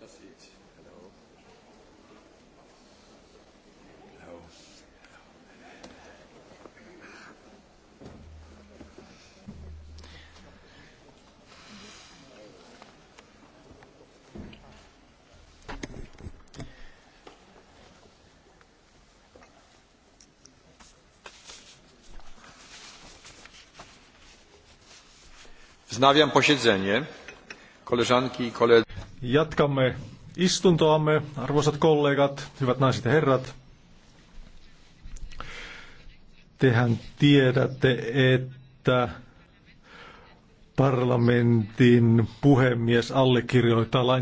Just eat. Wznawiam posiedzenie. Koleżanki i koledzy. Jatkamme istuntoamme, arvoisat kollegat, hyvät naiset ja herrat. Tehän tiedätte, että parlamentin puhemies allekirjoittaa lain